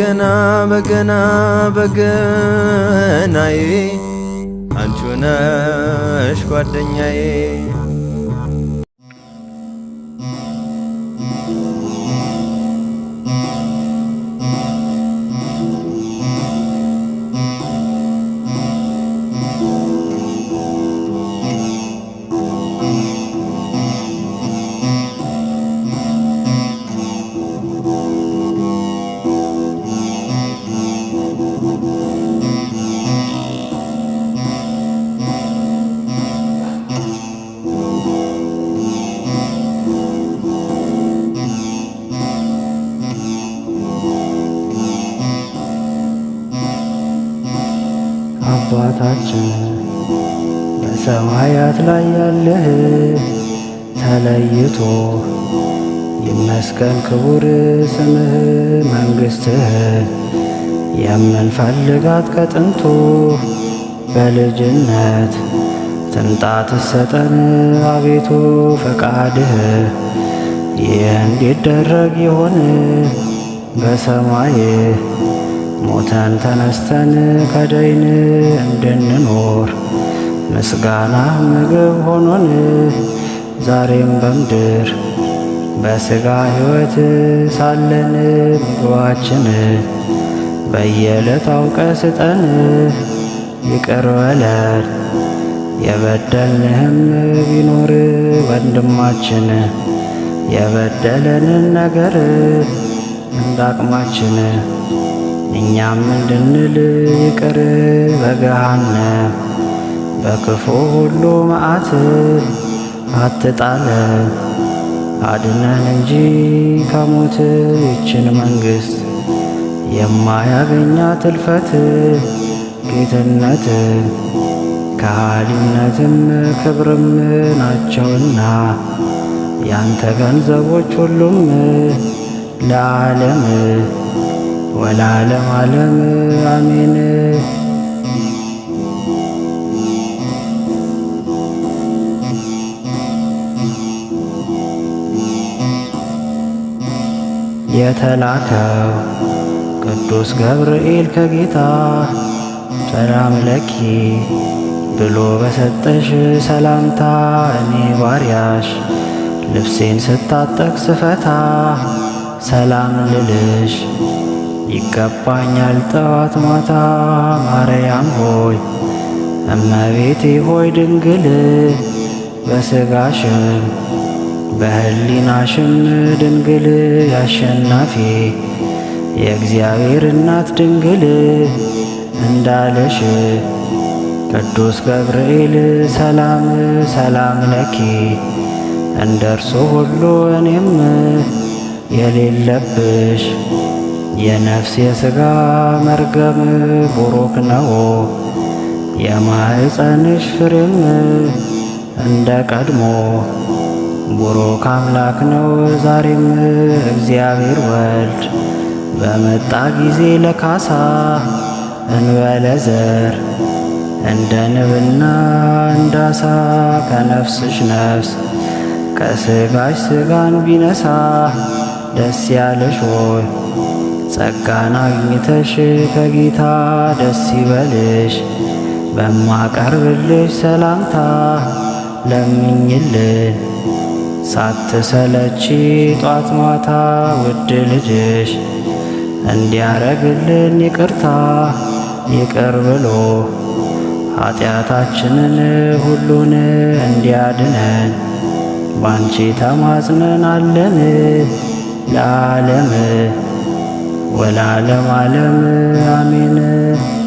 በገና በገና በገናዬ አንቺ ነሽ ጓደኛዬ አባታችን በሰማያት ላይ ያለህ ተለይቶ ይመስገን ክቡር ስምህ መንግሥትህ የምንፈልጋት ከጥንቱ በልጅነት ትምጣ ትሰጠን አቤቱ ፈቃድህ ይህ እንዲደረግ ይሆን በሰማይ ሞተን ተነስተን ከደይን እንድንኖር ምስጋና ምግብ ሆኖን ዛሬም በምድር በስጋ ሕይወት ሳለን ምግባችን በየዕለት አውቀ ስጠን፣ ይቅር በለን የበደልንህም ቢኖር ወንድማችን የበደለንን ነገር እንዳቅማችን እኛም እንድንል ይቅር በገሃነ በክፉ ሁሉ መዓት አትጣለ አድነን እንጂ ከሞት ይችን መንግሥት የማያገኛ ትልፈት ጌትነት ከሃሊነትም ክብርም ናቸውና ያንተ ገንዘቦች ሁሉም ለዓለም ለዓለም ዓለም አሜን። የተላከው ቅዱስ ገብርኤል ከጌታ ሰላም ለኪ ብሎ በሰጠሽ ሰላምታ እኔ ባሪያሽ ልብሴን ስታጠቅ ስፈታ ሰላም ልልሽ ይገባኛል ጠዋት ማታ ማርያም ሆይ እመቤቴ ሆይ ድንግል በሥጋሽም በሕሊናሽም ድንግል ያሸናፊ የእግዚአብሔር እናት ድንግል እንዳለሽ ቅዱስ ገብርኤል ሰላም ሰላም ለኪ እንደ እርሱ ሁሉ እኔም የሌለብሽ የነፍስ የሥጋ መርገም ቡሩክ ነው። የማሕፀንሽ ፍሬም እንደ ቀድሞ ቡሩክ አምላክ ነው ዛሬም እግዚአብሔር ወልድ በመጣ ጊዜ ለካሳ እንበለ ዘር እንደ ንብና እንዳሳ ከነፍስሽ ነፍስ ከሥጋሽ ሥጋን ቢነሳ ደስ ያለሽ ሆይ ጸጋን አግኝተሽ ከጌታ ደስ ይበልሽ። በማቀርብልሽ ሰላምታ ለምኝልን ሳትሰለች ጧት ማታ ውድ ልጅሽ እንዲያረግልን ይቅርታ ይቅር ብሎ ኃጢአታችንን ሁሉን እንዲያድነን ባንቺ ተማጽነን አለን ለዓለም ወላለም ዓለም አሜን።